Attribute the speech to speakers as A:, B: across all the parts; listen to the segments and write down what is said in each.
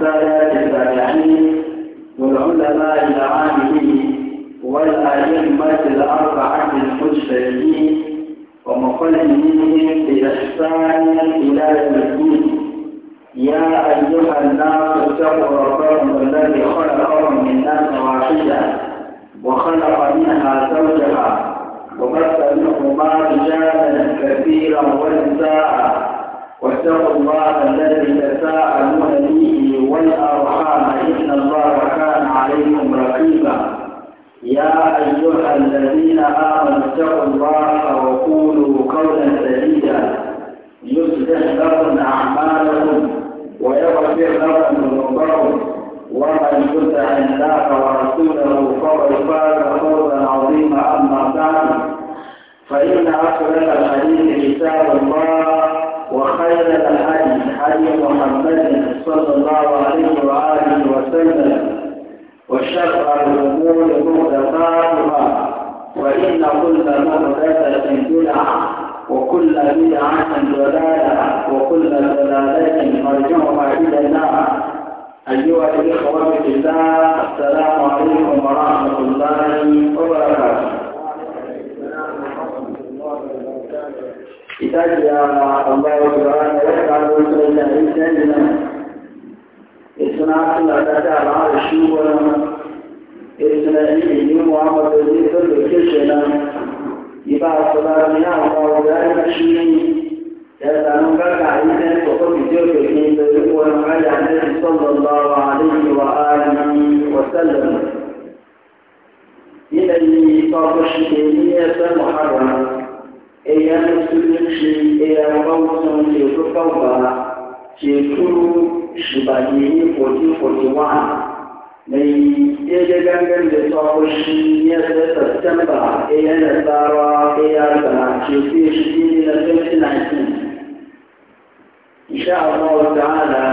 A: السادات التابعين والعلماء العاملين والأئمة الأربعة المجتهدين ومقلدينهم بإحسان إلى يوم الدين يا أيها الناس اتقوا ربكم الذي خلقكم من ناس واحدة وخلق منها زوجها وبث منهما رجالا كثيرا ونساء واتقوا الله الذي تساءلون به والأرحام إن الله كان عليكم رقيبا يا أيها الذين آمنوا اتقوا الله وقولوا قولا سديدا
B: إذا الله سبحانه وتعالى رسول الله سيدنا
A: إسناد الله تعالى عرشي ولما إسناد يوم عمد الزيت الكشنا يبقى صلاة يا الله ذلك شيء يسألون بك عيسى وقل بجوك الكيب ونقل عليه صلى الله عليه وآله وسلم إلى صاحب الشيخية محرمة eya sunci eya bautan teku kauba shekaru shibani ne 1441 mai daidai gangan da tsakoshi ya zai satamba eya na tsara eya da shekaru shi ne na 2019 insha Allah ta'ala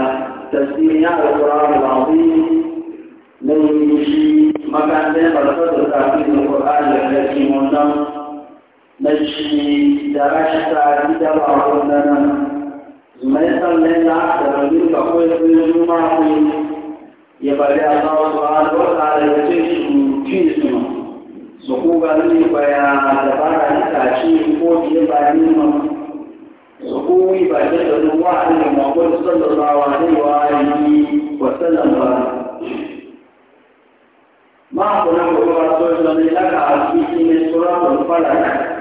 A: tasirin ya alƙura da mai shi makarantar barkar da kafin da ƙwararren da kimanin na shi da rashi ta ji da ba a wani mai tsalle na da rabin ka ko ya fi zuma ne ya bari a zawo su a zuwa ta da ya ce su ci su ma su ba da ba ka ni ta ko ki ba ni ma su yi ba ke da ni wa ne ma ko su san da zawa ne yi wa sallan ba ma ko na ko ba so da ka a ci ne sura ko fara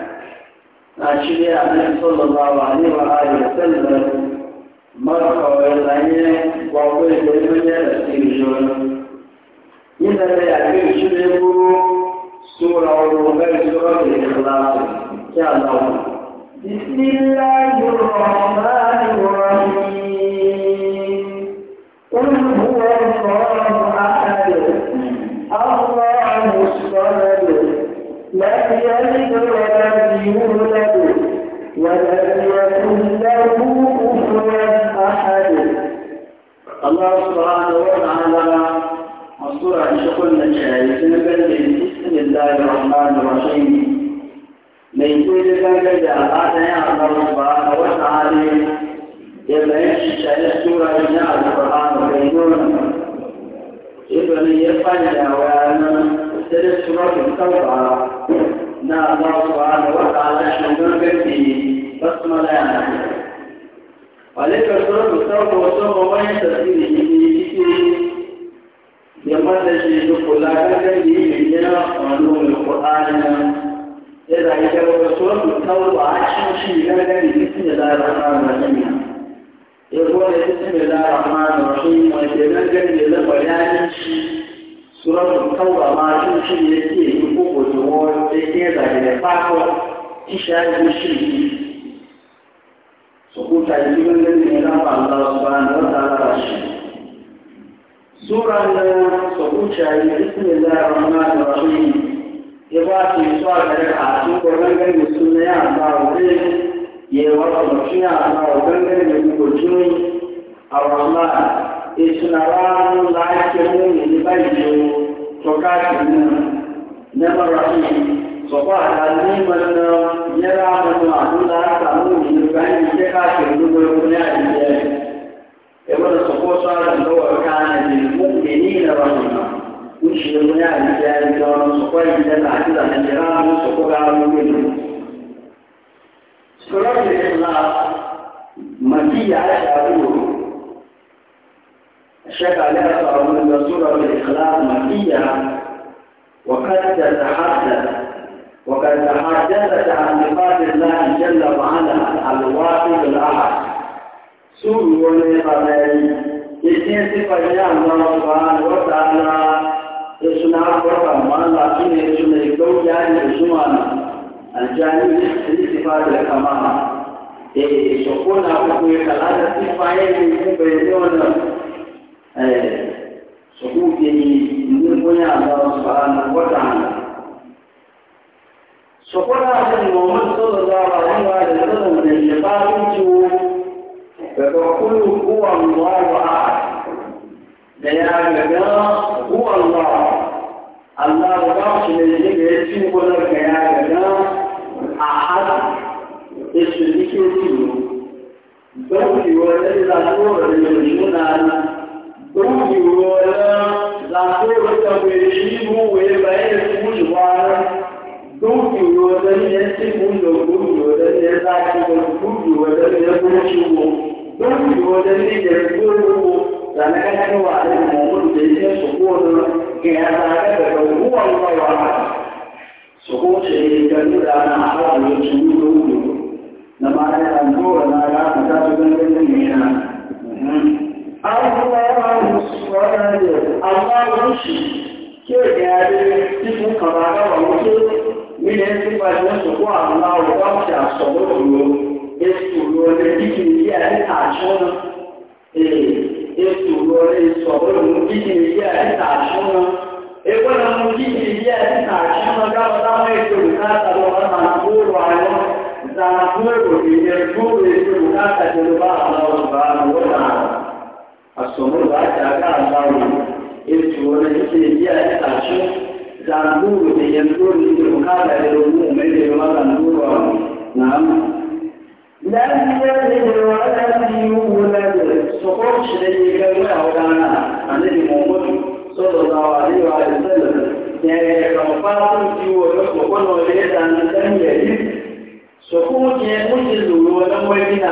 A: àṣírí àmẹ́sọ̀lọ́láwà níwà ayọ̀tẹ́lẹ̀ mọ́kànlá láyé wọ́pọ̀ ìlú ẹgbẹ́ ẹ̀sìn ìṣòro. nílẹ̀ rẹ̀ àgbẹ̀ ìṣúlẹ̀ gbúrú sóra ọrọ̀ bẹ́ẹ̀ sọ́rọ̀ ìrìnlá kí a lọ. Bismillahir Rahmanir Rahim. Qul huwa Allahu ahad. Allahus samad. لم يلد ولم يولد ولم يكن له كفوا أحد الله سبحانه وتعالى مصدر شكر الشهادة بسم الله الرحمن الرحيم ليس لك جاءتنا الله سبحانه وتعالى يبين شهادة سورة من القرآن الكريم إذن يفعل وأنا سيدي سورة التوبة نا الله سبحانه وتعالى شنجر كتي بسم الله ولكن سورة التوبة وسوء وين تسيري يجيكي يمر شيء كل هذا يجي من علوم القرآن إذا يجوا سورة التوبة عشان شيء هذا بسم الله الرحمن الرحيم يقول بسم الله الرحمن الرحيم ويتبين لك بيان شيء suratul tauba ma shi shi yake yi ko ko to wanda yake da da fako kisha yi shi so ko ta yi wannan ne na Allah subhanahu wa ta'ala shi sura na so ko ta yi bismillahir rahmanir rahim ya ba ta yi suwa da a cikin gurbangar da sunna ya Allah ne ya wa ta mutiya Allah gurbangar da gurbangar al-rahman ìṣúnáwá ńlá ṣe mú ìlú báyìí o tọ́ka ìlú nẹ́mọ̀rọ̀ sí sọ̀kọ́ àtàlù mọ̀nà yẹ́rà mọ̀nà àdúrà àtàlù ìlú báyìí jẹ́ káàkiri gbogbo ẹ̀kọ́ ní àdìyẹ. ẹ̀wọ́n sọ̀kọ́ sọ̀rọ̀ lọ́wọ́ ká nàìjíríà fún mi ní ìlọ̀rọ̀ nìyà. ń ṣe mú ní àdìyẹ ìjọ sọ̀kọ́ ìjẹ́ láti nàìjíríà mú sọ̀kọ́ ká mú mi. sọ̀rọ̀ ìlú الشيخ علي أصبر من سورة الإخلاق مكية وقد تتحدث وقد تحدثت عن صفات الله جل وعلا الواحد الأحد سورة الإخلاق إذن صفة الله سبحانه وتعالى suna فرقا ma'ala shi ne su mai gauya ne da صفات na aljani sifa da kama e so ko na sukuu yɛ ni ne bonya Allah subhanahu wa ta'ala
B: sokola ni Muhammad sallallahu alaihi wa sallam ne ya ba ku
A: daga kullu huwa Allahu ahad da ya daga huwa Allah Allah ba shi ne ne ga cin kullu ga ya daga ahad isu dike ci don yi wa da za su da ne nuna na ma'ana الله الصمد ahụ الشيء tí ó jẹ́ adé títún kàrà lọ́wọ́ wípé nílẹ̀ tí pàdé sọ̀kú àwọn ọ̀gá ti àsọ̀rọ̀ òru ètò lórí kíkì ní adé àṣọ́nà ètò lórí sọ̀rọ̀ òru الصمود أتاكا الله يرجون يسير يأتاشو زانبور ينبور يمكاد يرمو من يمكاد نعم لم يلد ولم يولد سقوط شديد كما أولانا الذي موجود صلى الله عليه وسلم kàmfàtò tí wọ́n kọ̀kọ́nà ọ̀lẹ́ta ní sẹ́yìn yẹ̀yí sọ̀kún yẹn ó ti lòrò ọlọ́wọ́ ẹ̀dínà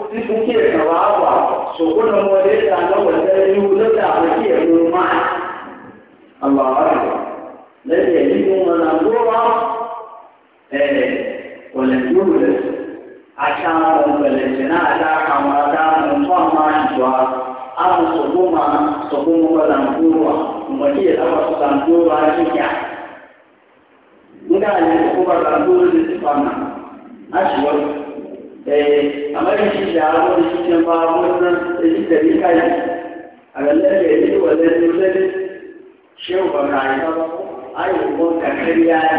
A: suke kawawa su kuna wadata na wajen yulata da ke noma amma wani na ke yi kuma na goma wani yulata a kyamun balantana a dakama damar tuwa ma shiwa an su goma su kuma balantuwa kuma ke zama su lantuwa jiya mutane su kuma lantuwa da su fana a shiwar amẹ́rin ṣíṣe àwọn oníṣẹ́ máa wọ́n ná èyí tẹ̀lé káyà àgbẹ̀lẹ́gbẹ̀ èyí wọ̀ lẹ́nu lẹ́nu ṣé ò bàbá àyíká ayòkó kàkiri ayé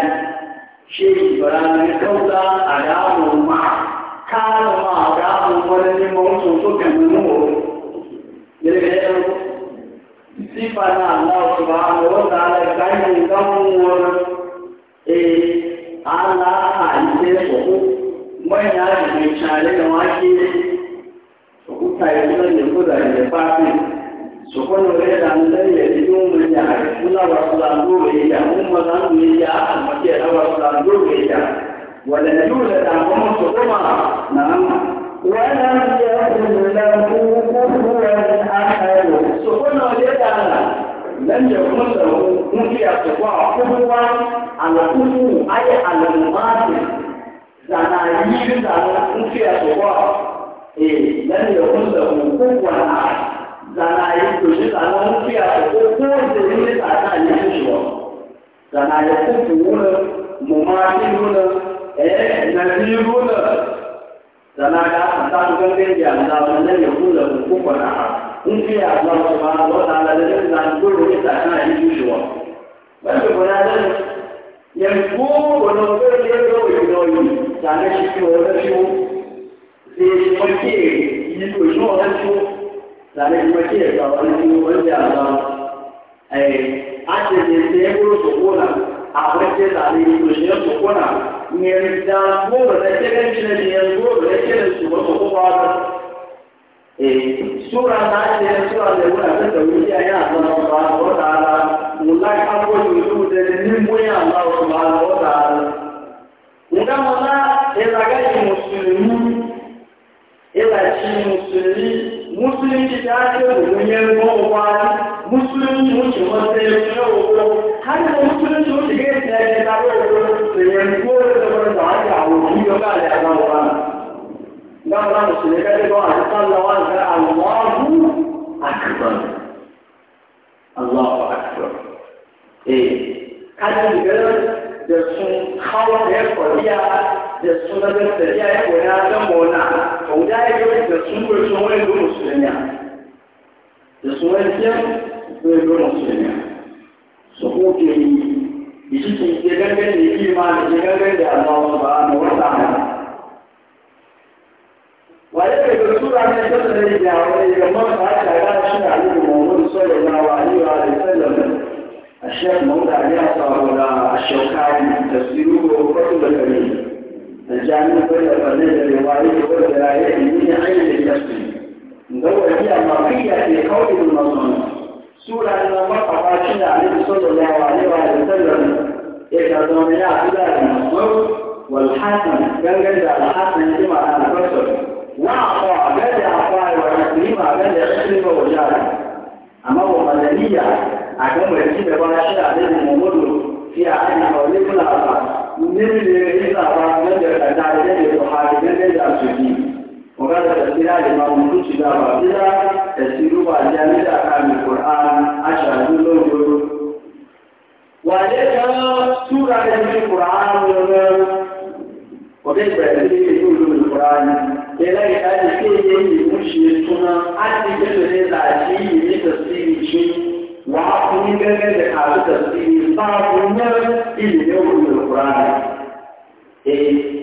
A: ṣé ìbára ní kọ́ńtà àdáàmú máa káàmù máa àdáàmú wọlé ní mọ́tò tó kẹ̀mí mú o yẹlẹ ẹ̀rọ sífà náà náà ṣùgbọ́n àwọn ọ̀tá ẹ̀ka ìgbà mú wọn ee àlàá manya da mai share da wake su kuka yi nan da kuda da fafi su kwano da ya dan dan ya ji mun mun ya har kula wa sala do ya mun ma dan mun ya amma ke da wa sala do ya wala yula da mun su kuma na amma ولم يكن له كفوا احد سبحانه وتعالى لم يكن له كفوا كفوا على كفوا اي على المعاصي sana yi sana nfi asopɔ ee lẹni yɛ kun sɛ kun ko kwana sana yi tosi sana nfi asopɔ ko sɛni ne sana yi sɔ sana yɛ ko kuwuna mɔmɔati wuna ɛɛ nati wuna sana yɛ asata gɛgɛ di ata lɛni yɛ kun sɛ kun ko kwana nfi asopɔ sɔgbɔn lɔta lɛ lɛni sana gbolo ne sana yi sɔ lɛni yɛ
B: kun sɛ kun.
A: Yankuno kwelezo yoyoyi cyane kikiwona cyo zishimokeye yitwe shora cyo cyane kimokeye abantu bajyana eh ate zeburo sokona abreke zali yitwe sokona ngerida ngoro lekele chine ngoro lekele subo sokwa eh sura na sura lebura kwa wiki ya ya kwa Allah wallahi an goyi mutum da nemin wuya Allah subhanahu wa ta'ala nga mona elaga yi musulmi ela ci musulmi musulmi ti ta ce munye mo wa musulmi mu ci mo se yo ko har da musulmi mu ci ga ta ne ta ko ko se ne ko da ba da ya wo ni yo ga ya na wa nga akbar 哎，看你个，就从考学国家，就从那个自己国家，从湖南、湖南那个，就从我们中国里面，就从新疆，从俄罗斯里面，从各地，地区一个跟一个地方，一个跟一个地方，我讲，我那个湖南那个，那个地方，那个文化，那个少数民族，那话，那个地方人。الشيخ موضع ياسر ولا الشوكاني تفسيره كتب الكريم الجامع كل فرنسا لوالده والولايات من علم التفسير دور هي مرقية في قول المظلوم سورة المرقى قاتلة عليه صلى الله عليه وسلم إذا ضمنا إلى المصدر والحسن كان جد الحسن كما أنا فسر وأعطى جد أعطى وأكرم جد أكرم وجاد أما هو مدنية àgbẹ̀mọ̀ ẹ̀jí ìbẹ̀wọ́n aṣọ àdéhùn mọ́mọ́dò fi àárín àwọn onígbọ̀nà àbá nílùú ìlú àbá mẹ́jọ ẹ̀dá ẹ̀dẹ́gbẹ̀ ọ̀hárẹ̀ mẹ́jọ àṣòjì ọ̀gá tẹ̀sí láti máa mú tútù dáwà bílá ẹ̀sìn rúbà ní alẹ́dà kàmì kòrán aṣáájú lóòjòrò. wà á lè kan túra ẹni kòrán lọ́wọ́ ọ̀gá ìbẹ̀rẹ̀ sí ìlú olómi kòrán ilé ìdájí kéde ìmúṣe túná á ti gbẹ́sẹ̀ láti yìí ní tẹ̀sí ìṣẹ́ 我今天这个老师是伊斯兰的，伊斯兰的弘扬。哎，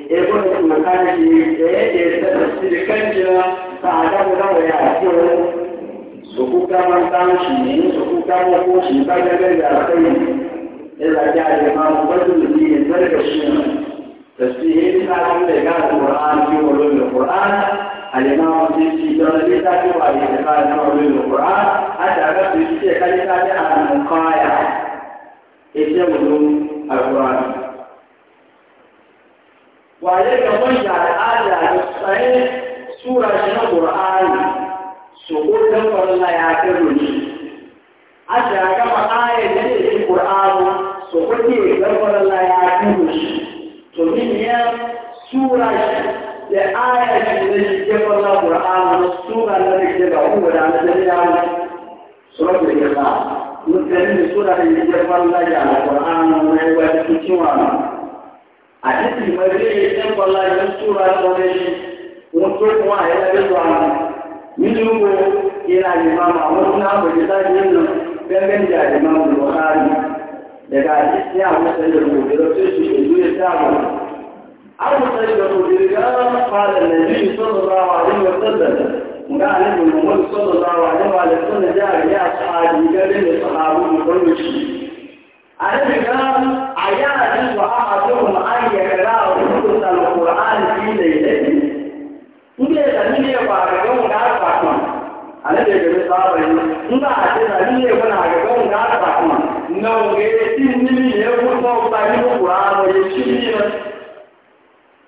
A: 这个同学今天也也跟着跟着大家，我讲就，初步刚刚起名，初步刚刚起名，大家跟着听。这个家里妈不怎么听，怎么听？老师今天这个老师弘扬，伊斯兰的弘扬。الإمام الشيخي دون بيتاك وعلي إدخال نور القرآن حتى أردت الشيخ لكاتي على المقايا يتولوا القرآن وعليك منجع الآية الصحيح سورة القرآن سقوط نفر الله يعتبرني أشعر كما آية جديد القرآن سقوط نفر الله يعتبرني تمنيا سورة da aya da ne ke fara Qur'ani sura da ke ba ku da ne da ya sura da ya ba mun da sura da ke fara ya Qur'ani ne wa da cewa a cikin mai ne ke fara ya sura da ne mun to kuma ya da zuwa min ko ila imam Abu na ba da yin nan gangan da imam Bukhari daga cikin ya musallu da sai shi ne ya samu أو تجدوا برجال قال النبي صلى الله عليه وسلم وقال النبي صلى الله عليه وسلم جاء يا أصحابي قال لي صحابي كل شيء على قال عيانا وأحدهم أن يقرأ حدث القرآن في ليلته إذا تنمي وعرقون قال فاطمة على ذلك صحابي إذا أتى تنمي وعرقون قال فاطمة نوغي تنمي يقول فوق تنمي القرآن ويشيني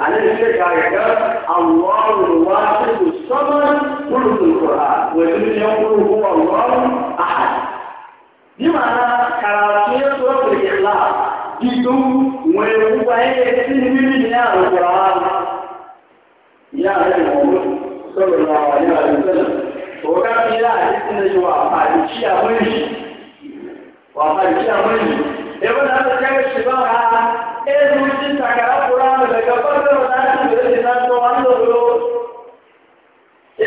A: على الشيخ عيكا الله الواحد الصمد قل في القرآن ويقول يقول هو الله أحد بمعنى كراسية سورة الإخلاص جدوا ويقوم يكتنبي من القرآن يا أهل المولود صلى الله عليه وسلم وكان إلى حديثنا جوا فعليشي أمني وفعليشي أمني يقول هذا الشيخ الشباب es muy sacará de capaz de que tomando, se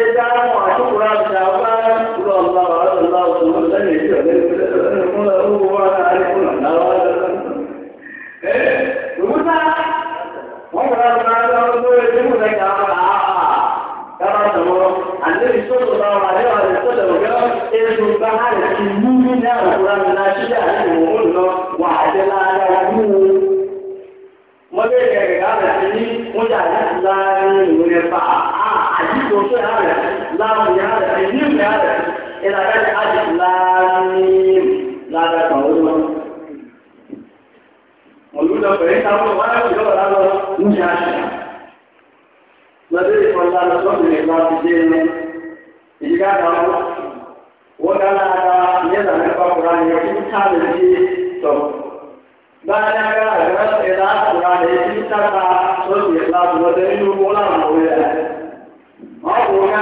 A: in ta da shi to bayan ga ga sai da kula da shi ta ka so ya la mu da ni mu la mu ya ma ko ga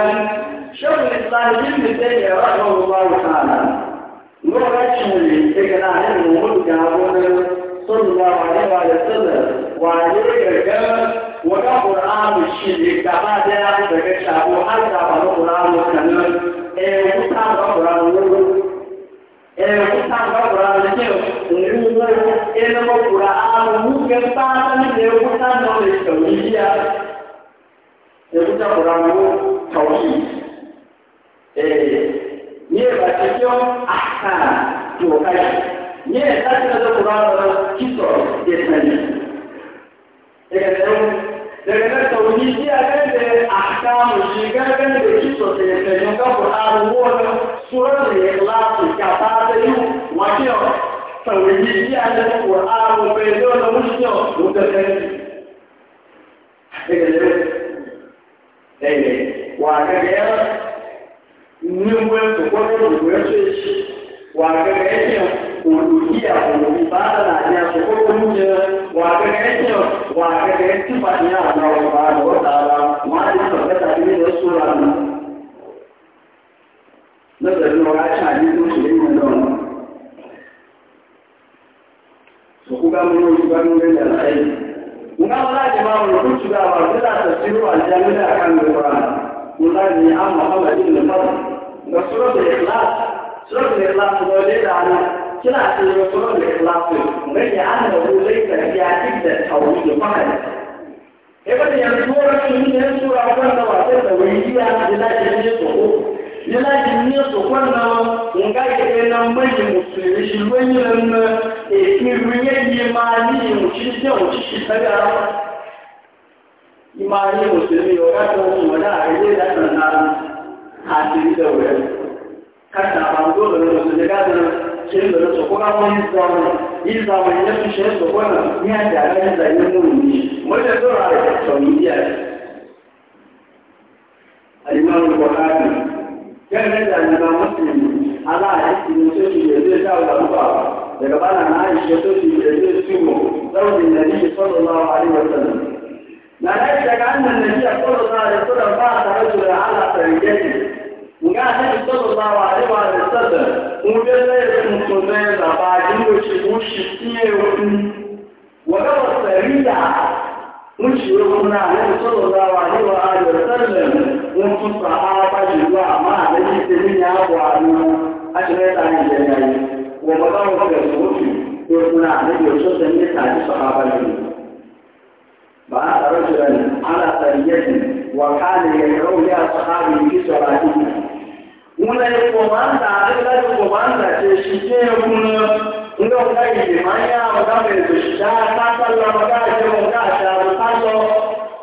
A: shaykhul islam ibn taymiyyah rahimahullah ta'ala mu ga shi ne ke na ne mu ga wannan Yes, that's another Quran, Jesus, yes, ma'am. And daga nan tauhidi a kan da ahkamu shi gangan da shi so da ya tsaye ga Qur'an wannan surar da ya lafi ka a kan Qur'an bai zo da mushi uluhia ibada ya shukuru nje wakakecho wakakechifania Allah subhanahu wa ta'ala mali soketa ile sura na ndio waacha ni kushirini ndio sokuga mwenye kugamu mbele ya sahihi unaona jamaa unakuchuka wa bila tafsiri wa jamii ya kango Qur'an unani amma Allah ibn Fadl na sura al-Ikhlas sura al-Ikhlas ndio ile ana سمعت الرسول الإخلاقي ومن أنه ليس في عدة توحيد فقط ابن يمسور من يمسور أولا وسيلة ويجي عن بلاد النصف بلاد النصف وانا ونقاك بين من المسلمين وين لما إكيروني مالي مشيشة وشيشة تجارة إيماني مسلمين وكاتبهم ولا عيدي لكنا نعلم حاسبي دولة كاتبهم دولة مسلمين ṣe ń lọ sọ̀kọ́ káwọn ní ìsàmù ìsàmù ìyẹn tún ṣe ń sọ̀kọ́ náà ní àjà àgbẹ̀dà yẹn mú mi mọ́tẹ́ tó ra rẹ̀ sọ̀ ní díẹ̀. àyùmáwò kọ̀ láàbì kẹ́lẹ́ ìjà ìjọba wọn sì ní aláàjì ti ní tó ti yẹ lé dáwọ̀ àbúkọ̀ ìjọba náà àìṣe tó ti yẹ lé túmọ̀ lọ́wọ́ ìlẹ̀ sọ́dọ̀ náà àríwọ̀ nga anabi sallallahu alaihi wa sallam ngubele mtumeza baajilo chibushi tie utu wakawa saria mushi yokuna anabi sallallahu alaihi wa sallam mutu sahaba jilwa ma anabi temi yabo anu ashireta ni jenai wa makawa kwa sufi yokuna anabi yosho temi sahaba jilwa بعث رجلا على قرية وكان يدعو لأصحابه في صلاته wọ́n lè kọ̀ máa ń ta àrílájú kọ̀ máa ń ta ṣe ṣiṣẹ́ ẹkùn lọ ní ọ̀gá ìdè máa ń yá ọ̀gá mẹ́rin tó ṣiṣẹ́ àtàkà lọ ọ̀gá àjẹ́ ọ̀gá àṣà àtàkọ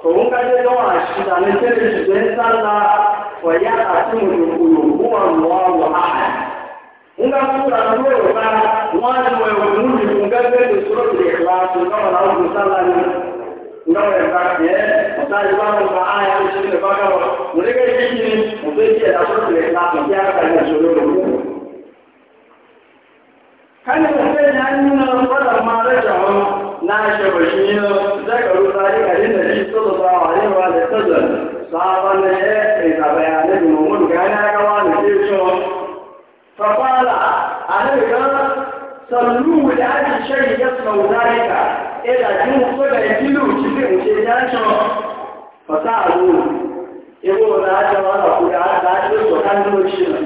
A: òun kájẹ́ tó wà ṣìṣà ní tẹ́lẹ̀ ṣiṣẹ́ ń sáńlá ọ̀yá àti mòdòkòlò fún àwọn ọ̀wọ̀ àhà ń ga fúnra lórí ọ̀gá wọ́n á lọ ẹ̀wọ̀n mú unaweza eh mtaji wangu wa aya ile mpaka muleke chini mbeki atakule na kiasi cha shughuli kana kufanya nini na kupata maarifa na shabashio zaka rudari kalinda Nabii sallallahu alaihi wa sallam sahaba ne ikabaya ne Muhammad kana kawa ne hicho faqala anaka sallu li ajli shay yasma dhalika 现在听我喝的记录，基有些讲说，和大姑，因为我拿钱往老家拿，就坐上途去了。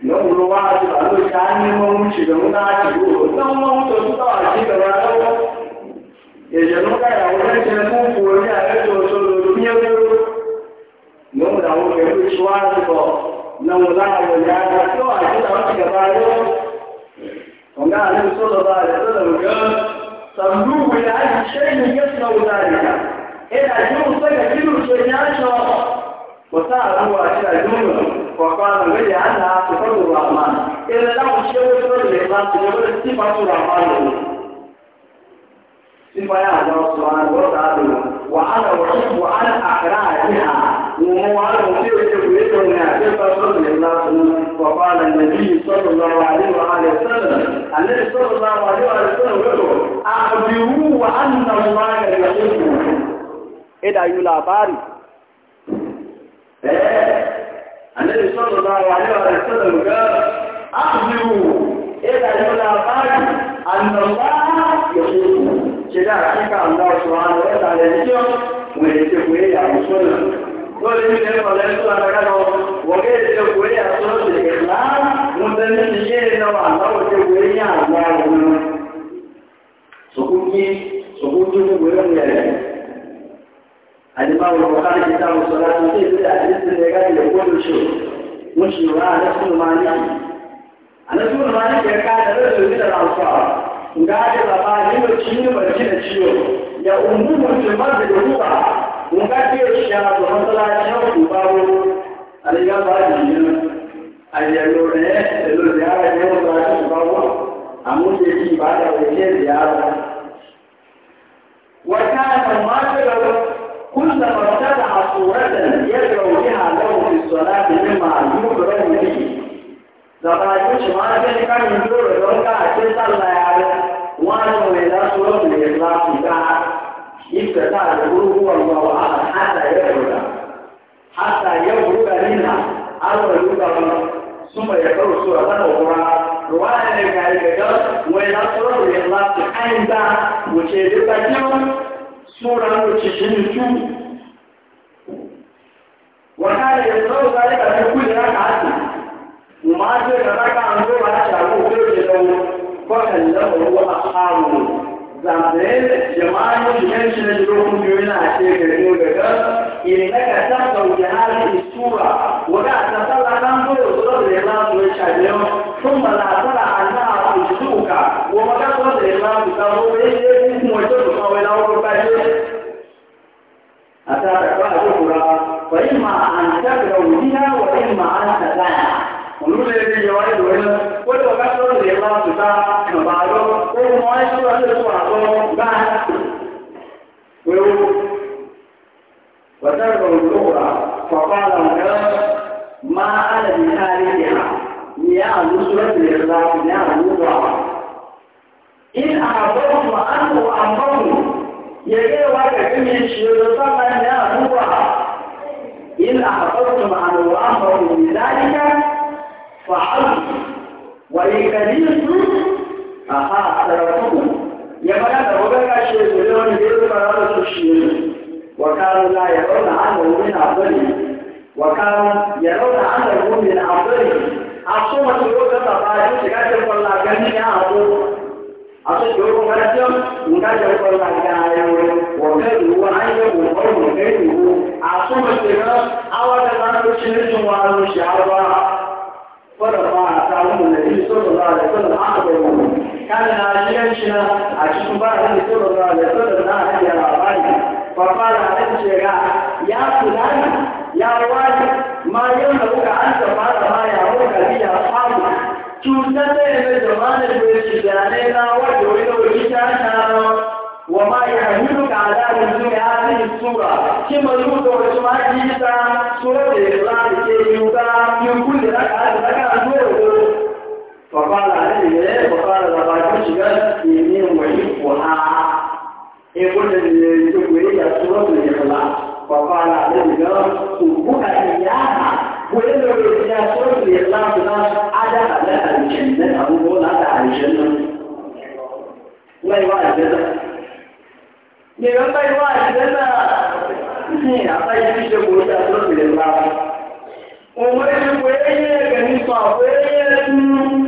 A: 弄不落话去，老家你弄去弄哪去？我弄弄找不到啊，去到那都。现在弄起来，我现在弄福建，还坐坐坐坐飞机。
B: 弄到我开会去玩的时候，弄我拿那个年假，坐火车个台湾。
A: 我们家就说到了这种人。صندوق العلم شيء يصنع ذلك إلى جنوب سجدين الشيطان شرطا وسأل هو أشياء جنوب وقال ولي عنها صفات الرحمن إذا لم شيء صفات الإخلاص يقول صفات الرحمن صفة الله سبحانه وتعالى وأنا أحب أن أقرأ بها وهو أنا مصير يقول لنا صفات الإخلاص وقال النبي صلى الله عليه وآله وسلم النبي صلى الله عليه وآله وسلم يقول أخبروه أن الله يحبه إذا يلاباري النبي صلى الله عليه وآله وسلم قال أخبروه إذا يلاباري أن الله يحبه كده حقيقة الله سبحانه وتعالى يجب ويجب ويجب ويجب dole ne ne ba lai suna da kana wage da ke koyi a sunan da ke na mutane ne ke na wa Allah wa ke koyi ya Allah wa kuma su kuki su kuki ne goyi ne ya al-Imam al-Bukhari kitabu salatu sai da hadisi ne ga da kullu shi mun shi wa da sunan maliki anan sunan maliki nígbà tí ó ṣe àwọn ọ̀rọ̀mọ́tọ́lá ṣe ọ̀pù bá wó àdéjábá ìyẹn àyẹ̀lò rẹ̀ ẹ̀lò rẹ̀ ara ẹ̀yẹ́ ọ̀tọ́ àti ìbá wó àmúṣe sí ìbára òkè ẹ̀dẹ̀ ara. wọ́n ká ẹ̀mọ̀ máa ń bẹ̀rẹ̀ كلما ابتدع صورة يدعو بها له في الصلاة مما يكره به لما يجمع ذلك من دور دونك أكيد الله يعلم وأنه إلى صورة استطاع يقول هو الله احد حتى يبلغ حتى يبلغ منها أو يبلغ ثم يقرأ سورة أخرى رواية كاريكاتور وينصر الإخلاص عند وشيدك اليوم سورة وتشنتو وكان يقرأ ذلك في كل ركعة وما زال ركعة نور على شعبه كل يوم فكلمه أصحابه زمانين جماعة يمشن جلوهم جميلة عشيك اليوم بكر إنك تبدو جهاز السورة ولا تطلع كم كل صدر الإخلاص والشعبيون ثم لا ترى أنها تجدوك ومكا صدر الإخلاص تقول إيش اسم وجدك أو إلى أول باشر
B: حتى تقرأ ذكرى فإما أن تبدو بها وإما أن تدعها
A: ونقول لك الجوائز وإلا كل وقت صدر الإخلاص تقول wọn ṣe wọn lè fún àwọn bá wéwu wọ́n tẹ́lẹ̀ lọ́wọ́ lóra fọ́fọ́ àwọn ọ̀gá máa alẹ́ ní káàrí ìhà ní àwọn sọ́ọ̀tì ìrìnà ní àwọn wúwa. in àbọ̀wọ̀ mọ̀ àbọ̀ àbọ̀wọ̀ yẹ̀yẹ́ wa kẹ̀kẹ́ mi ṣe lọ́sọ̀ọ́ ní àwọn wúwa. إن أحفظتم عن الله من ذلك فحظ وإن كنتم aha taratuhu ya mana da wajen kashe da zai wani da ya zuba rana su shi ne wa kanu la ya rauna an da wani na bari wa kanu ya rauna an كان عاجلا عجيب بارا رسول الله رسول الله يا رباني فقال عليه شيئا يا فلان يا والي ما يملك أنت بعد ما يعود به أصحابه
B: cutar da ya zama da shi zane na wanda wani wani ta shara wa ma ya hannu ka alamun zuwa ya zai tura shi ma zuwa da wasu ma ji ta sura da ya zama da ke yi wuta yin kulle na ka da ka zo فقال عليه وقال لقد أشبت إني
A: محبها يقول للجبريل سورة الإخلاص وقال عليه أحبها إياها ويقول يا سورة الإخلاص أدع لها الجنة أقول لا دع الجنة لا يوعد الجنة يقول لا يوعد الجنة àtàyè tí ṣe kò ṣe àtúnṣe lè ra. Òun ẹni kò yẹ yẹ kẹ̀ nípa òun ẹni yẹ tún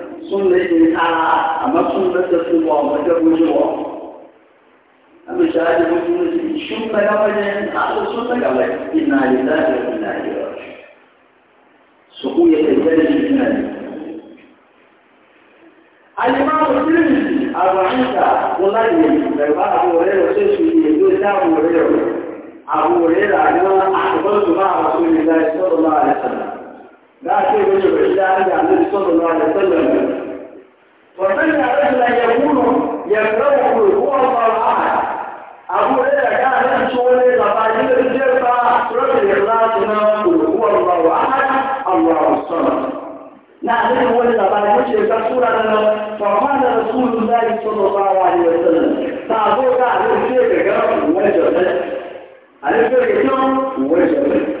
A: sunna ibn a amma sunna ta su wa wata gujewa amma shahada mutum ne shi shun da gaba ne a da sunna gaba inna lillahi wa inna ilaihi raji'un su ku ya tabbata shi ne الإمام الترمذي الرحيم والله لما أبو هريرة شيخي يقول لا أبو هريرة أبو هريرة أنا أحببت مع رسول الله صلى الله عليه وسلم لا شيء يجب إلا أن النبي صلى الله عليه وسلم ومن رجلا يكون يقرأه هو الله أحد أبو هريرة كان يمشي لتفاجير الجبهة سورة الإخلاص نقول هو الله أحد الله الصمد نعلم ولا بعد شيء سورة فقال رسول الله صلى الله عليه وسلم تعبوا تعبوا شيء كذا وجبت على كذا وجبت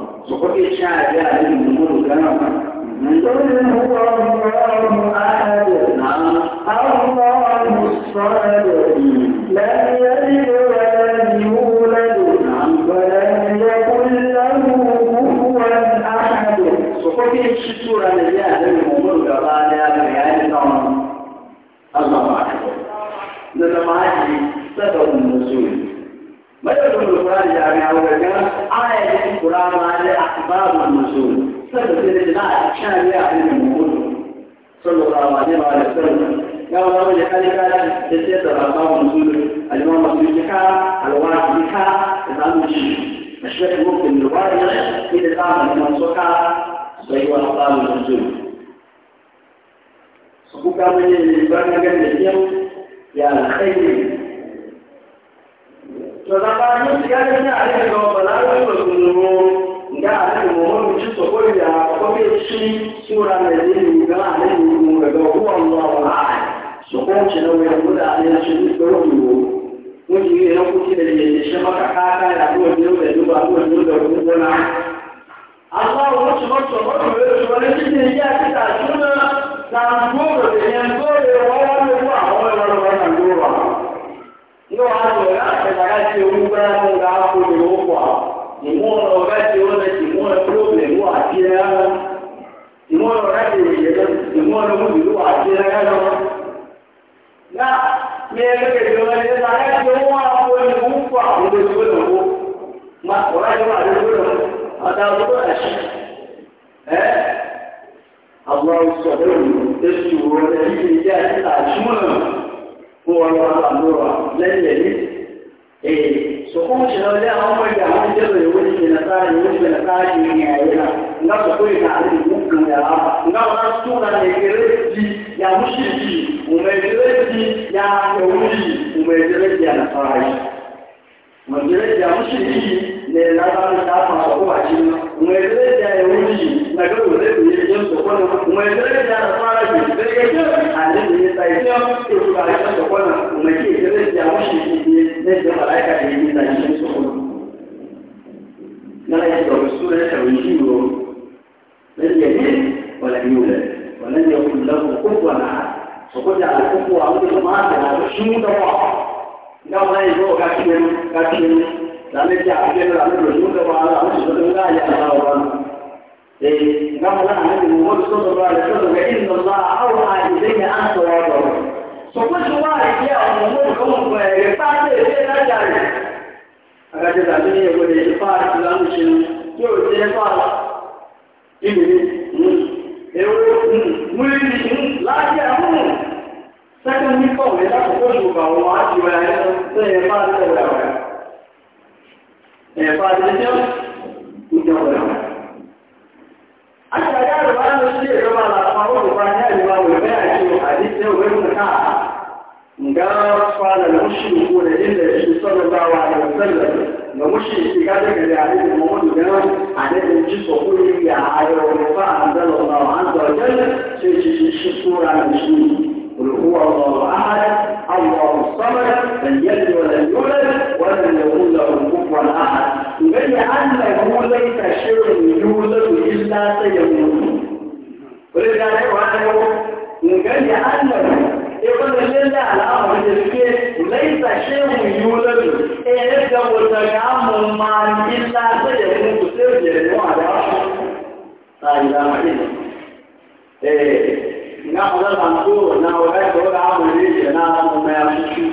A: وقل شاء جاء من نقول كلام قل هو الله أحد نعم الله الصمد لم يلد ولم يولد ولم يكن له كفوا أحد وقل شكرا جاء من نقول كلام يا الله أكبر نتماعي سبب مدرسة آية القرآن جامعة وغيرها آية القرآن على أخبار النزول سبب الإجلاء كان يعلم المقول صلى الله عليه وسلم يا الله لذلك تسيط الأخبار النزول الإمام مسلمك الواجبك الإمام الشيخ ممكن الواجب إذا الإمام المنصوكة فهو أخبار النزول سبوكا من الإمام قال يا الخير Sọ̀tàpá ní ìyáde ní àlẹ́ lọ bọ̀lá lọ́wọ́ ìgbòho nga àlẹ́ ìwọ̀n mi ti sọ̀kọ́ ìyá ọkọ̀ ndio wale wakati umbra Mungu hapo uliokuwa ni muone kó wọn lọ wà lóra lẹ́yìn ẹ̀mí. Ee sọ̀kún ṣe lọ lé àwọn ọmọ ìgbà àwọn ìjẹ́bù ìwé ti fi nàta ìwé ti fi nàta ìrìn àyè náà. Nga sọ̀kún ìgbà àti ìwé kan yà á. Nga wọn tún na nìkéré ti yà wúṣì ti òmèdèrè ti yà ẹ̀wúrì òmèdèrè ti yà nàta yìí. Òmèdèrè ti yà wúṣì ti yìí lè lábàá ní sáà máa sọ̀kún àti náà mweleza yeye lalle ya ake da lalle rashin da ba ala musu da da ya ta ba eh na mala annabi Muhammad sallallahu alaihi wasallam ga inna Allah awha ilayhi an tawadu so ko shi wa ya ya قال المشركون إلا النبي صلى الله عليه وسلم المشرك قال كذا عليه المولود قال عليه الجزء كله يا عيون فأنزل الله عز وجل شيء قل هو الله أحد الله الصمد لم يلد ولم يولد ولم يكن له كفوا أحد يبين أنه ليس شيء يولد إلا سيموت ولذلك وأنه يبين أنه يقول لله على أمر ليس شيء يولد إلا وتكامل مع إلا سيموت سيرجع المعنى لا إله إلا الله ina ọ̀dọ́ ta ń tó na ọ̀rẹ́ tó ra àwọn ilé ìjẹ̀ náà amúmẹ́ aṣíṣú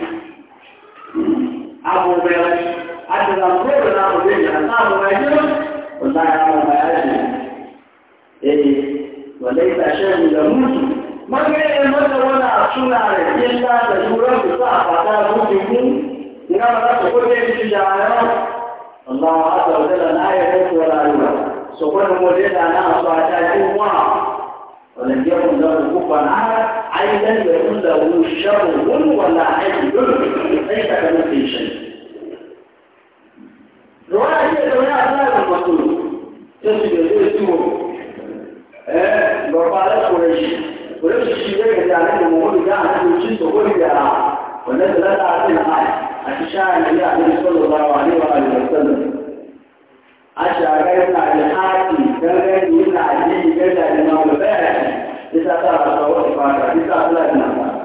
A: amúmẹ́ aṣíṣú àti ta ń tó rẹ̀ náà ọ̀rẹ́ ìjẹ̀ náà amúmẹ́ aṣíṣú ọ̀tá ya amúmẹ́ aṣíṣú èyí wọlé ìtàṣẹ́ ìlẹ̀ mútu mọ́gbé ẹgbẹ́ wọn náà túnra rẹ̀ yé ńlá pẹ̀lú rọ́ọ̀tù tó àpàtà lójú mú ina ọ̀dọ́ tó kó dé ìjìyà rẹ̀ ọ̀lá àtọ̀ọ̀dẹ́lẹ̀ náà yẹ ولم يكن له كفوا احد ايضا يكون له شر ولا عين ليس كمثله شيء رواية رواية أخلاق المسؤول يصل يقول اسمه ايه بربالات قريش قريش الشيء اللي عليه موجود ده عنده الجنس وكل ده والناس لا تعرفين حاجة عشان النبي صلى الله عليه وآله وسلم أشعر يمنع الحاكي كان يمنع الدين يمنع الإمام الباكي إذا ترى صوت فاكر إذا أطلقنا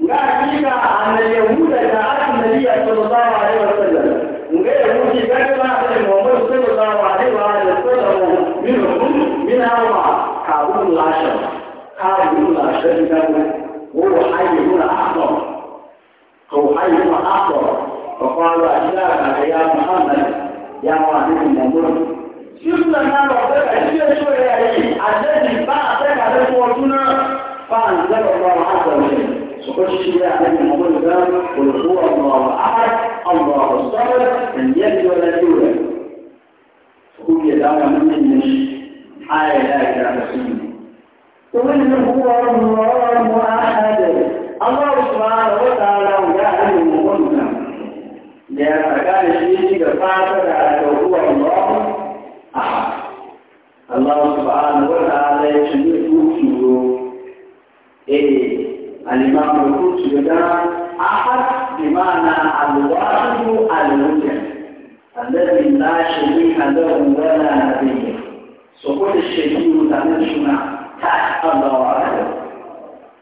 A: وكذلك أن اليهود جاءت النبي صلى الله عليه وسلم ويهود كما محمد صلى الله عليه وسلم منهم من أربعة كعبون العشر كعبون العشر كانوا وهو حي هنا أحمر هو حي هنا أحمر فقال أشلاك يا محمد يا معلم الأمور شفنا ما ربك أشياء شوية يعني. الذي بعثك على قوتنا فأنزل الله عز وجل وكل شيء يعني الموضوع ده قل هو الله أحد الله الصمد لم يلد ولم يولد كل يدعو من مش حال لا إله إلا هو الله أحد الله سبحانه وتعالى 两个人是一个发出来的互联网啊，阿拉是把那个啥来成为主主，哎，阿里妈妈主主的阿哈，里妈那阿鲁瓦主阿鲁杰，阿那里那是你看到五个人的，所谓的协助咱们去哪，太阿拉了。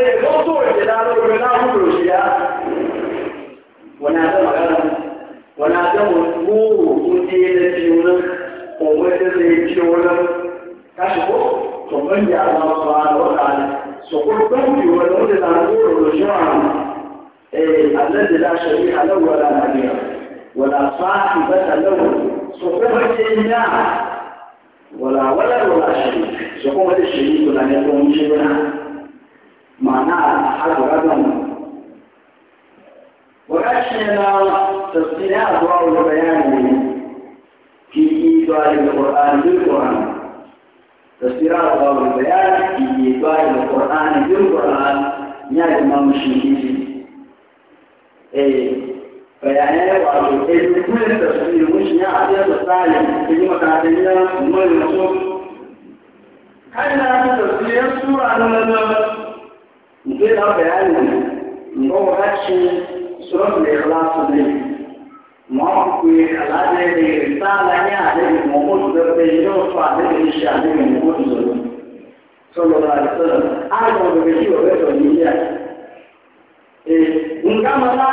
A: ne motto da dano da na mu da ya معناها أحد رجل وكشفنا تفصيل أضواء البيان في إيضاح القرآن بالقرآن تفسير أضواء البيان في إيضاح القرآن بالقرآن يعني ما الشنقيطي bayanai wato ɗaya kullum da su ne mun shiya a cikin tsari da yi makarantar gida mai mutum Nke na bayani nga wakaci surat al-ikhlas ne ma ku alade ne sala ne ale mo mo da be yo fa ne ni sha ne mo mo zo sallallahu alaihi wasallam ai mo be ji o be to ni ya eh nga mama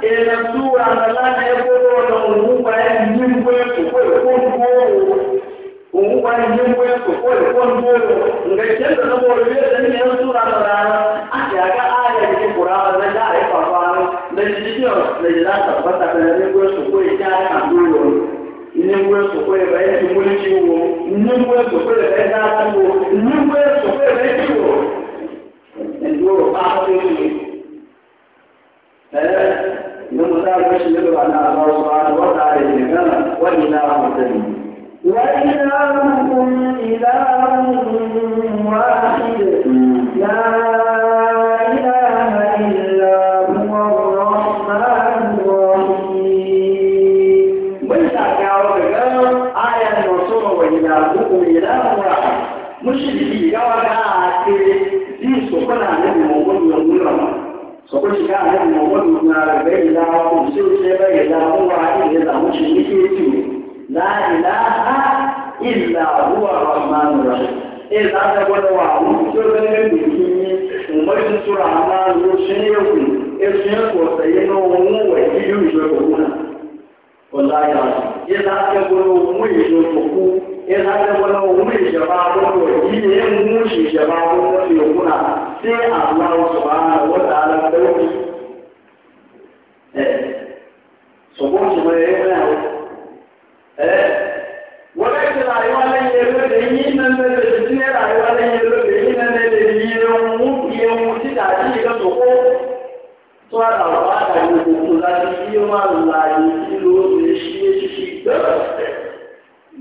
A: e na sura na la ne ko do no mu ba ni ni ko Tabbas da ya za tabbata da ne gwe su ko ya ta dole ne gwe su ko ya bai su mulki wo ne gwe su ko ya bai da wo ne gwe su ko ya bai ci wo ne do ba ko ne eh ne mu da ga shi da ana Allah subhanahu wa ta'ala ne kana wa ila mutani wa ilahukum ilahun wahid la 以下来我问你啊，别给他，我们就先别给他，不管你给咱们去一些酒，来你来。إلا هو الرحمن الرحيم إلا تقول وعلم سورة المسلمين ومجد سورة عمان وشين يكون إرشين وسيين ومو ويجيو يشوفونا والله العظيم إلا تقول ومو يشوفونا in haka wani wurin shaba ko yi ne yin mushi shaba ko wani yankuna sai Allah su ba na wata ala ɗauki su ko shi mai yi na
B: wani ake rayuwa na yi yaro da yi nan da da shi ne rayuwa na yi yaro da yi nan da
A: da yi yaro mu yi mutu da shi ga su ko tuwa da wa ba da yi ko kuma za su yi ma lalai kilo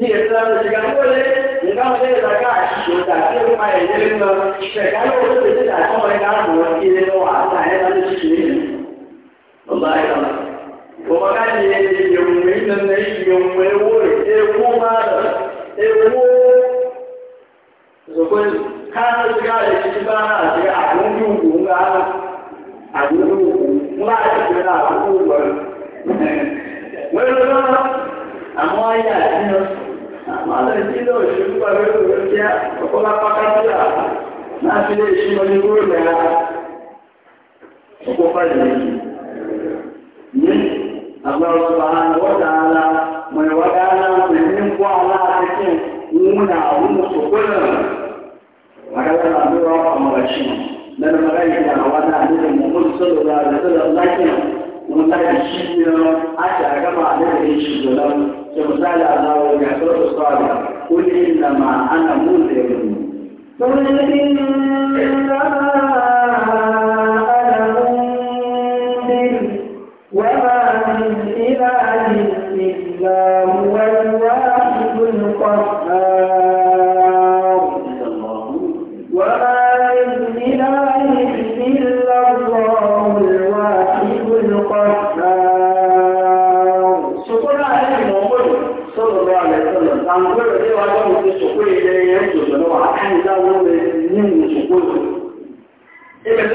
B: 你也知道这个，我嘞，你刚才那个大家学的，这个嘛也那个，这刚才我们这在上面干活，今天都晚上还在
A: 学，明白了？我们看你有没能耐，有没我这我妈的，这我，如果看这个这个吧，这个阿公舅公啊，阿公舅公，我那就是阿公舅公，为什么？俺妈也是。mana ìdílé òṣèlú pàdé òwúrọ̀ kí á ọ̀pọ̀lá pátákìlá náà fi lè ṣí ọdún kúrò lẹ́ra ọkọ̀ fàyè ní agbára ọba wọ́dà ara mọ̀ ìwádà ara rẹ̀ ní ń kọ́ ara akẹ́kẹ́ òun nà òun sọ̀kọ́lẹ̀ wàdàlá àbúrò ọmọ ومثال الشيء حتى أقام عليه الشيء لهم كمثال الله ويعتبر الصالح قل إنما أنا منذر قل إنما وما من إله إلا هو الواحد القهار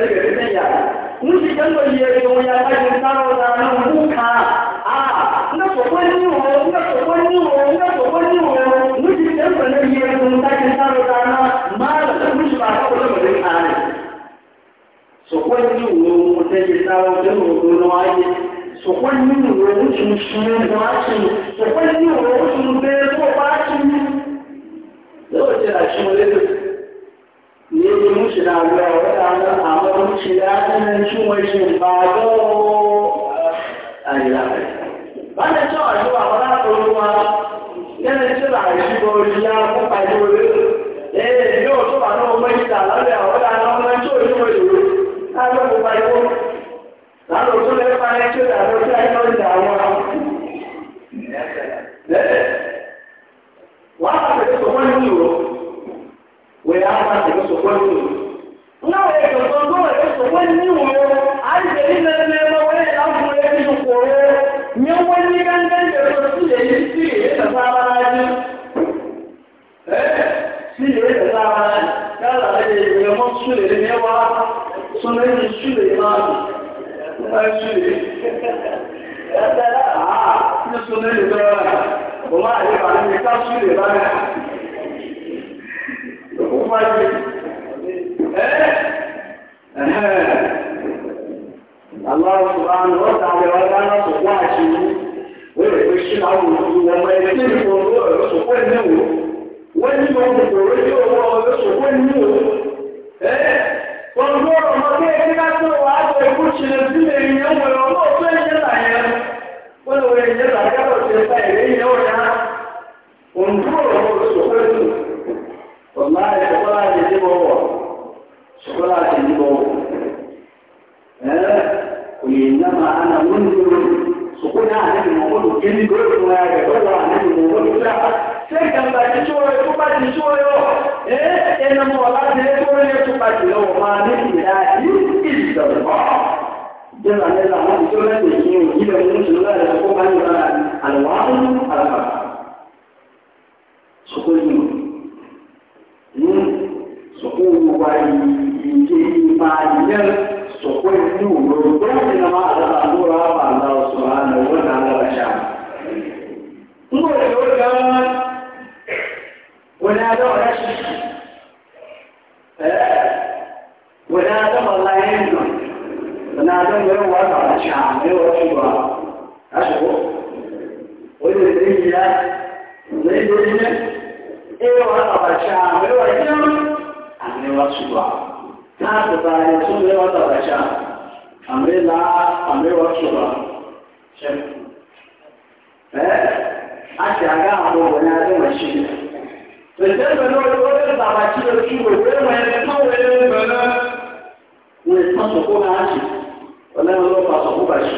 A: 这不对呀？我是经过研究呀，还是哪个能不看啊？那说关你我，那说关你我，那说关你我，是那个研究，但是哪不是那个门槛里？说我，我在街上走路都欢喜；说关你我，我从出门都说关你我，我从坐车都都是来什么的？你不是那个。shidanin ciwon shi ba zaro a yi lafiya. Ba lè lọ́wọ́ ọ ọ ẹgbẹ́ tí ìfọ̀ lọ́sùn pẹ́ sí. bai yi da ya ba ce sai yayin yau ya un duro ko so ko wallahi ko ba da ji bo so ko da ji bo eh ku yi na ma ana mun duro so ko da ne mu ko kin duro ko ya ga ko da ne mu ko da sai kan ba ji so ko ba ji so yo eh ina mo wala ne ko ne ko ba ji lo ma ne ki da ji yana yana na fito na da shi ne gidan yin su na da ko kan yana alwani alfa su ko yi ni su ko yi ba yi ke yi ba yan su ko yi ni wuro ko yi na ma alfa nura ba na su ha na wata na ba sha ngo da wata wani adawa ya shi ìgbàgbọ́ ó lè ní ìyá lẹ́yìn ilé ẹ̀rọ àbàṣà àmẹ́wà ìjọ àmẹ́wà ṣùgbà táàbù bá ẹni tó mẹ́wà àbàṣà àmẹ́là àmẹ́wà ṣùgbà ṣẹ. ẹ a ṣe àgá àwọn obìnrin adéwà ṣì ń pèsè pẹ̀lú olórí bàbá tí o ṣù wò wé wọn ẹni tó wọlé ń bẹ̀rẹ̀ wọn ìtàn sọ̀kó náà ṣì ọlẹ́run ló fà sọ̀kó bàṣì.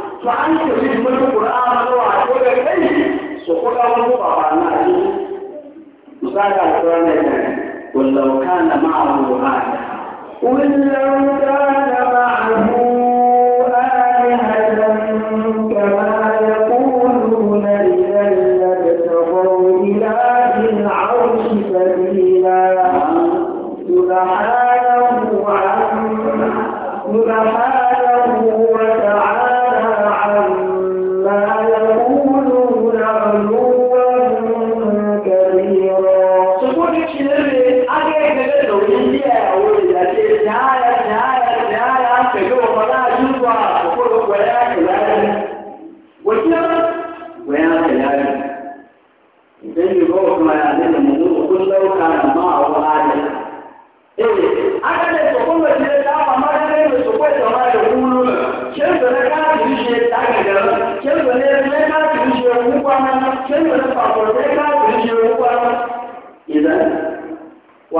A: to an yi da shi wani ƙura'an zuwa a ko da kai su kuɗa wani baba na yi misali a tsoron da ya wallau kana ma'ahu hada wallau kana ma'ahu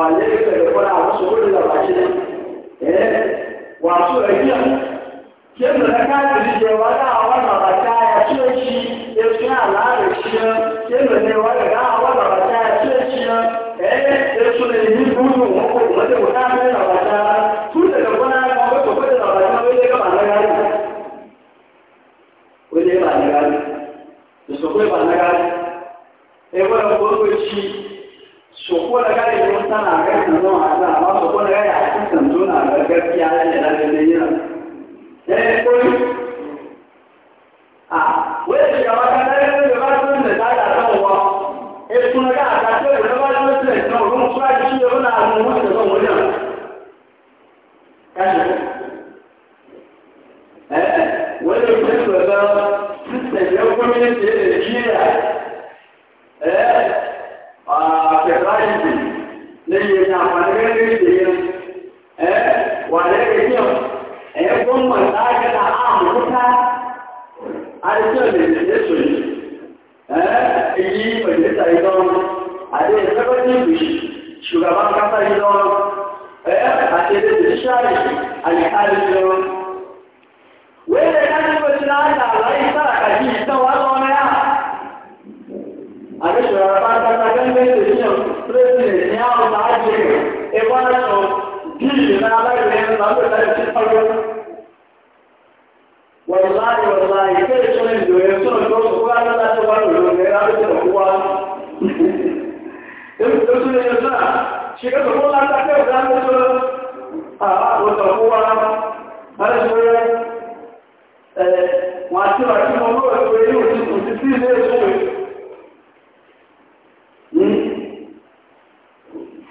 A: wà lẹ́yìn pẹ̀lú kọ́lá àwọn sọ̀rọ̀ ìlú àbáṣe ẹ̀ wà sọ̀rọ̀ ìlú àbáṣe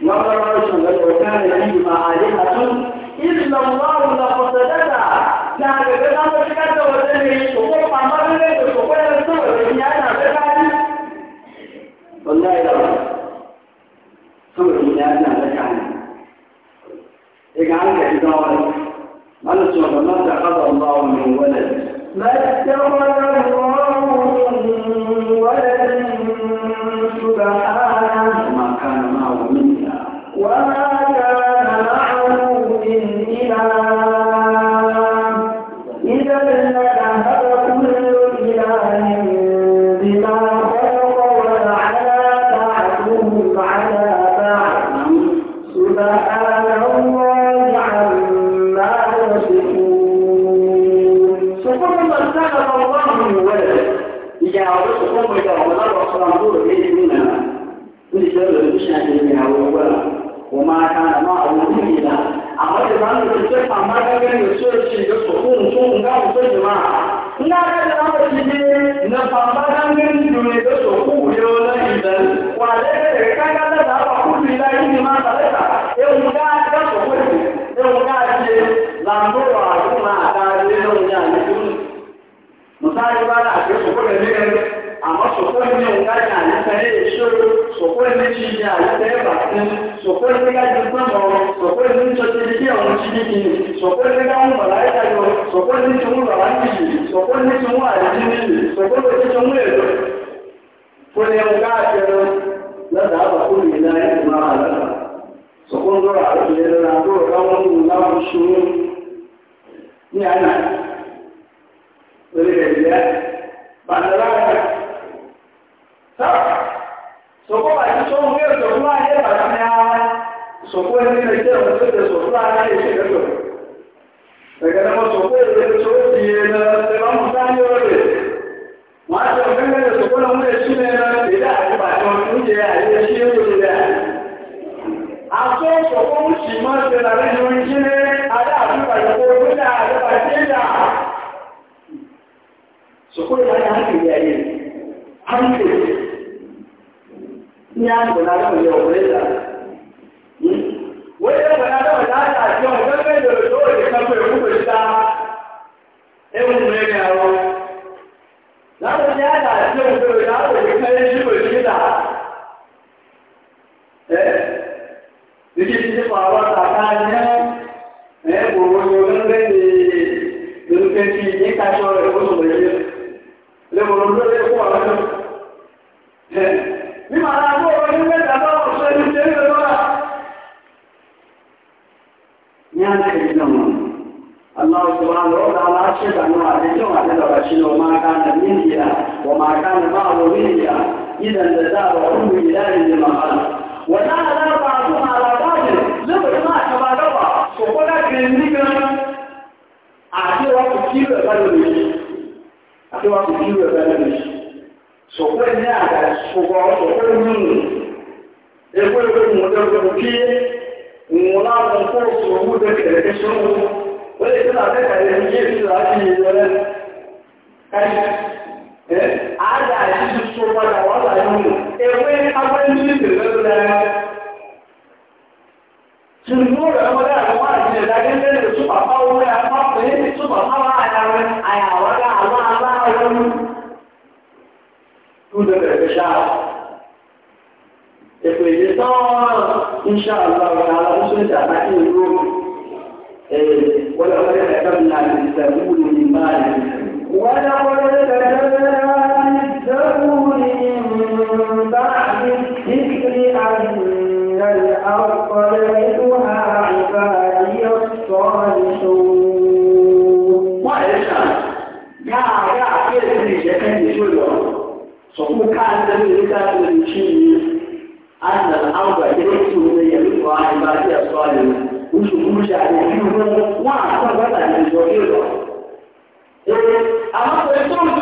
A: وقال رجل ولو كان عندما آلهة إلا الله لفسدتها لا يجب أن تتكتب وتنهي masaleta ewuga gasokwezi ewuga die lambowa kuma adari ewuga alitu musali bala ake sokwezi nere ama sokwezi ewuga ni alita eesho sokwezi chidi alita ebasi sokwezi ga jikwemo sokwezi nchotiri ki ewu chidiki sokwezi ga umbalaya yo sokwezi chimu balanjiji sokwezi chimu أصطلحها عبادي الصالحون وإذا يا يا كيف يجتني شلو سوف كان ذلك الشيء أن الأرض يرث من يرثها عبادي الصالحون وشكوش على الجنود وأعتقد أن الجنود أما فإن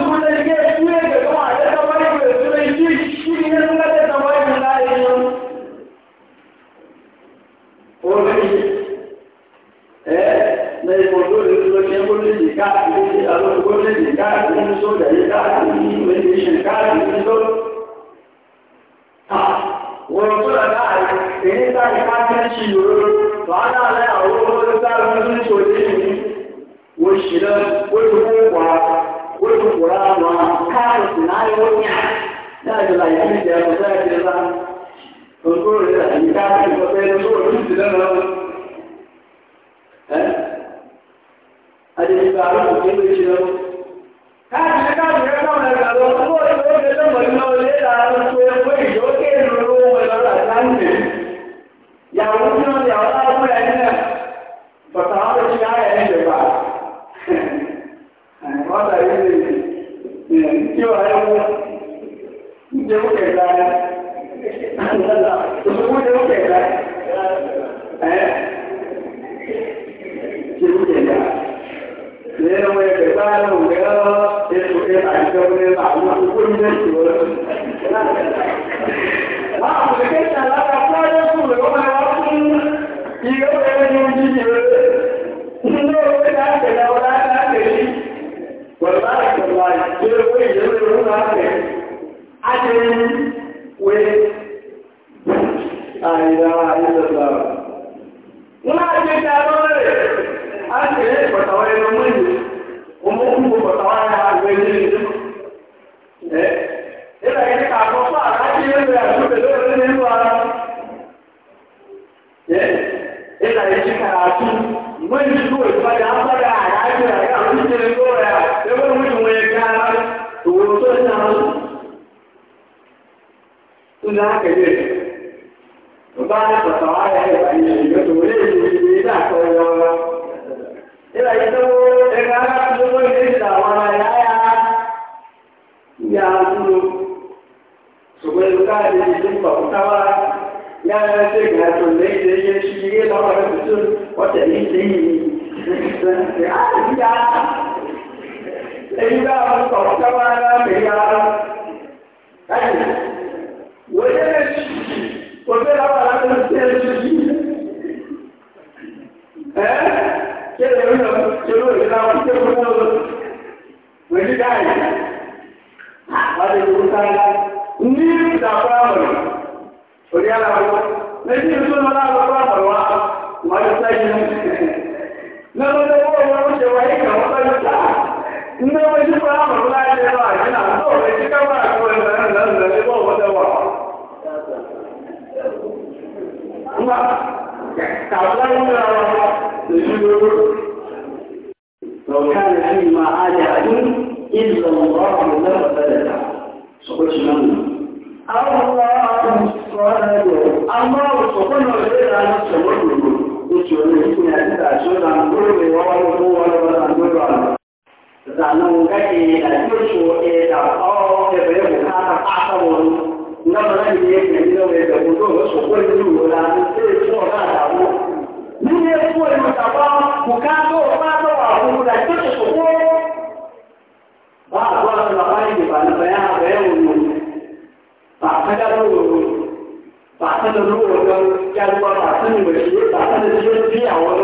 A: àwọn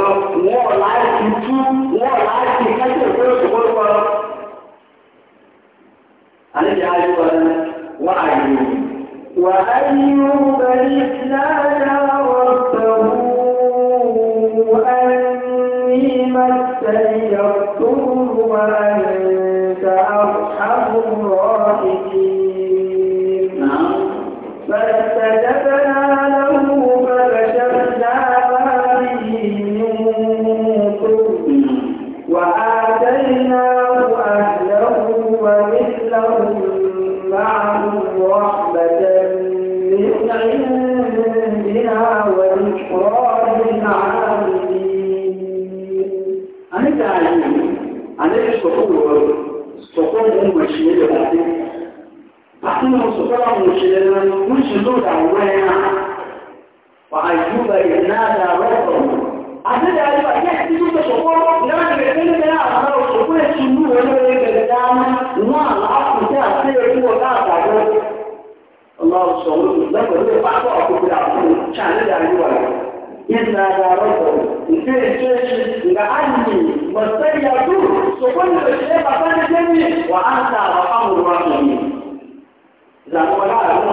A: wọn láti tú wọn láti kẹ́sẹ̀ tó lè wọ́n wọ́n.
B: Àlejò ayé wa
A: wọ́n àyè وأيوب إذ نادى ربه أني مسني الضر وأنت ومشلل وشلود عوانا وأيوب ينادى ربه أسد أيوب يحسن بشكوره لما تبعتين بنا أخبار الشكوه الشنو ولو يبدام وعلى عقل تأثير هو قاطع الله سبحانه لما هو بعض أقول عقل شعر أيوب ينادى ربه إذا الشيش لعني والسيد يقول سكون الشيخ أفضل جميع وأنت أرحم الراحمين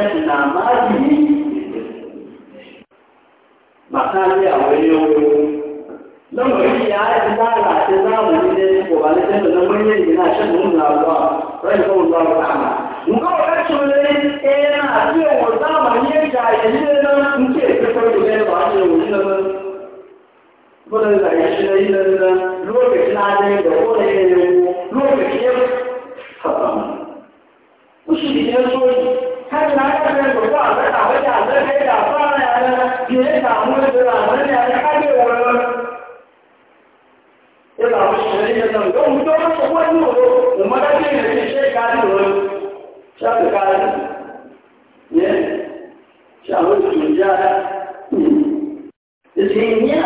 B: أنشأنا ما به
A: màkàlí àwọn ilé owó lọ́wọ́ yìí àti lára àti láàmù nílé ìpòbà ní sẹ́tọ̀ náà mọ́lé ìdí náà ṣẹ́gun ní àlọ́ rẹ̀ fún ìgbà ọ̀rọ̀ àmà nǹkan ọ̀rẹ́ tún lé ẹran àti òwò dáàmà ní ẹja ìdílé náà ń ké ìpínpọ̀ ìdílé wà á ṣe òwò nílẹ̀ náà gbọ́dọ̀ ìgbà ṣe ilẹ̀ nílẹ̀ lóòkè tí láti ẹgbẹ̀ ó lè yẹ ewu tí ó sì 看见拿下面手套，我打婆讲：“我给讲，发了呀，别讲了，对吧？”我看见我，我老婆说：“十分钟，用用那个温度，我们在店里去晒干了，晒干，嗯，下午回家了。”这青年，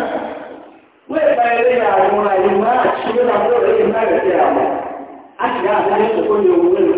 A: 我也买这个用来你买，去买个这样的，他讲：“他是过年用的。”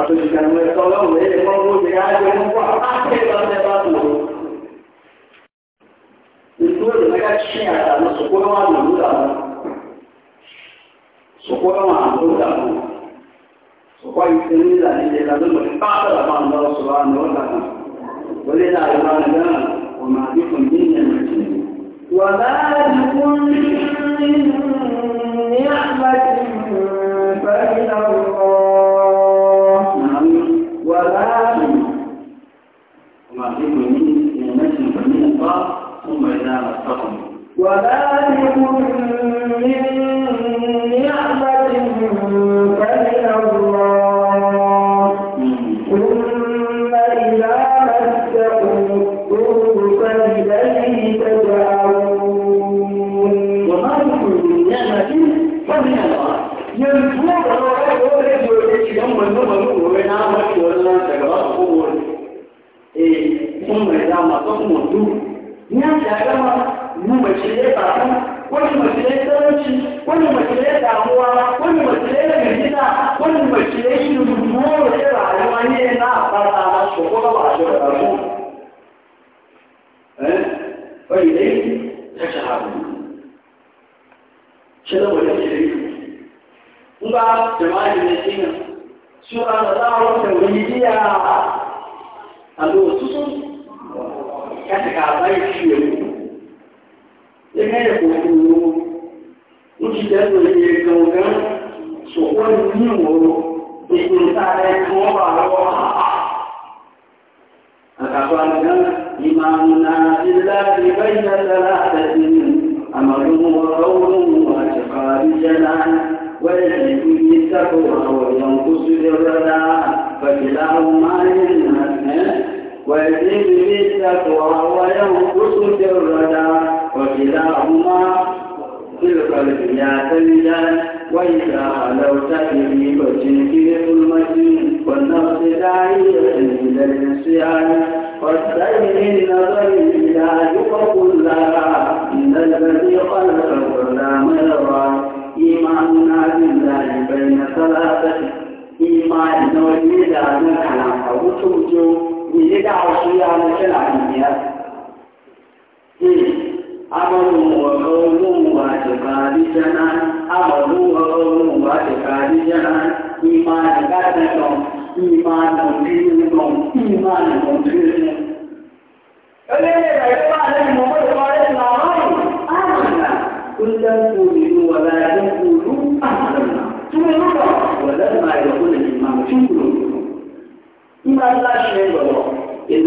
A: àtòjìjà ìwé ẹ̀kọ́ lọ́wọ́ èdè kan ó ti rájọ mú wà ápẹ́ ìbáfẹ́ bá tó o. Ìdúró lè mẹ́ta ṣí àtàlọ́ sọ̀kọ́ wọn àlọ́ ló dà mọ́. Sọ̀kọ́ wọn àlọ́ ló dà mọ́. Sọ̀kọ́ ìṣe ní ìlànà ilẹ̀ ìlànà lọ́wọ́ bá sọ̀rọ̀ máa ń lọ sọ̀rọ̀ àná ọ̀dà kan. Wọlé náà ló máa ń gbà يمسك من يمسك من من نعمة فمن الله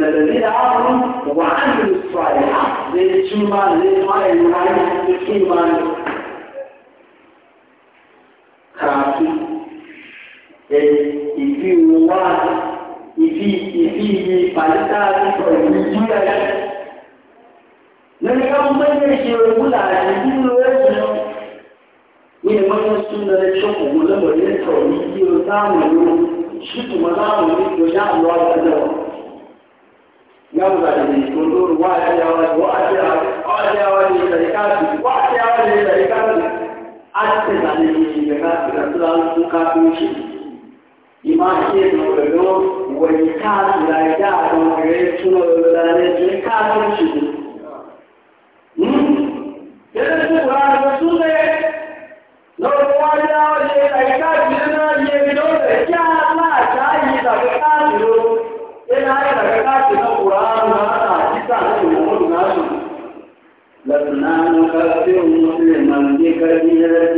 A: الذين آمنوا وعملوا الصالحات للإيمان للإيمان للإيمان kàáfì ẹ ìfi wá ìfi ìfi iye pàdétà nípa ìlú jíra ẹ lórí káwọn mẹ́rin ṣe owó láàrin nínú ẹ̀sìn ní ẹgbẹ́ sún lọ́dẹ ṣọ́pù wọn lọ́wọ́ ilé ìtọ̀ ní iye táwọn ìlú ṣùtùmọ̀ láwọn ìlú yá lọ́wọ́ yawon da ne tsoro wa ya yawa wa ya yawa wa ya yawa ne da rikatu wa ya yawa ne da rikatu atta da ne ne da ka da tsara su ka kushi ima ke no da no wa ni ka da ya da no ga tuno da ne ka kushi ne da su ra da لسنا نكفر مسلما بكبيرة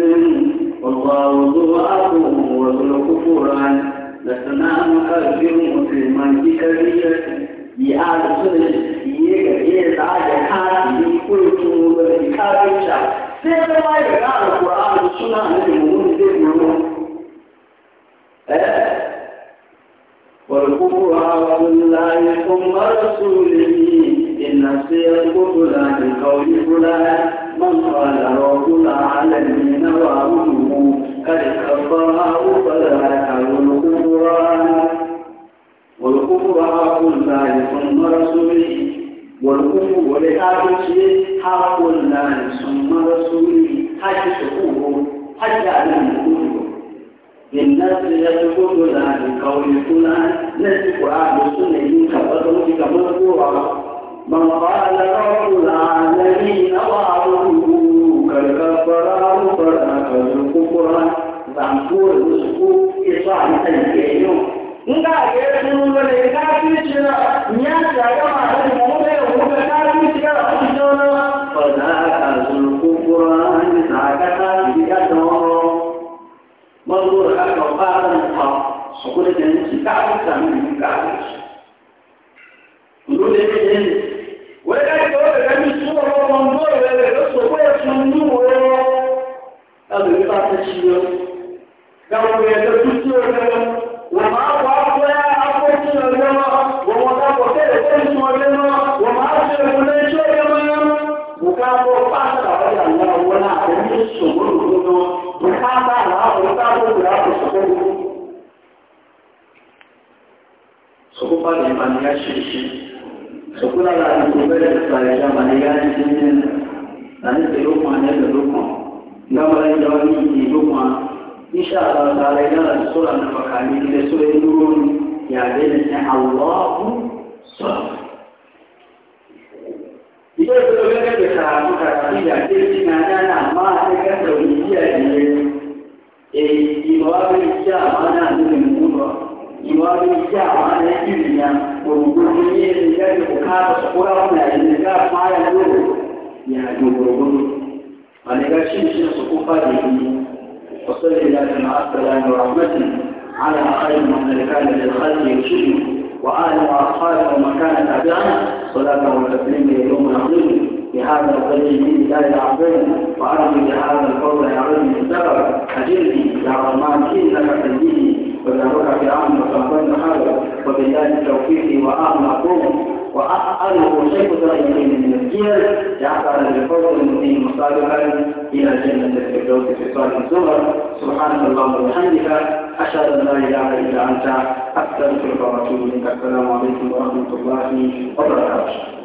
A: والله ذو عفو وذو كفران لسنا نكفر مسلما بكبيرة بآل سنة يجب أن يكون كل جمهور بكابيرة سيما يقال القرآن السنة المؤمن بالمؤمن والكفر عبد الله ثم رسوله نفسي القتلى بقول فلان من قال رجل علمين وامه قد كفراه فلا يحل الكفران والكفر حق الله ثم رسوله والكفر لآخر شيء حق الله ثم رسوله حتى شكوه حتى علم الكفر بالناس يسكت لا بقول فلان نسك أهل السنة من كفرهم كمن هو مقال رب العالمين وعرضه كالكفران فأخذ الكفران زعمتور بسكوك إصاحة الكيوم Nga ga yi sun wani kafin cina, ya ta gama da mawai wani maniya shi so kuna da ni ko bere da tsare da maniya ni ne na ni da lokma ne da lokma na mara da wani ki lokma insha Allah ta'ala yana da sura na bakani da sura ne ya da ne Allahu sallallahu لكن في صفوفاته وصل إلى مع السلام ورحمته على خير من كان للخلق يشير وعلى اصحابه من كان تابعا صلاة وتسليم يوم عظيم بهذا الطريق لا يعظم وأرجو بهذا القول يا رب السبب أجلني يا رحمن إنك تهديه وذهبك بعمرك وكن هذا وبالله التوفيق وأعلى قوم وأقل شيء درجتين من الجيل يعبر بالفضل المتين مسابقا إلى جنة الفردوس في صالح الزمر سبحانك اللهم وبحمدك أشهد أن لا إله إلا أنت أكثر في إليك السلام عليكم ورحمة الله وبركاته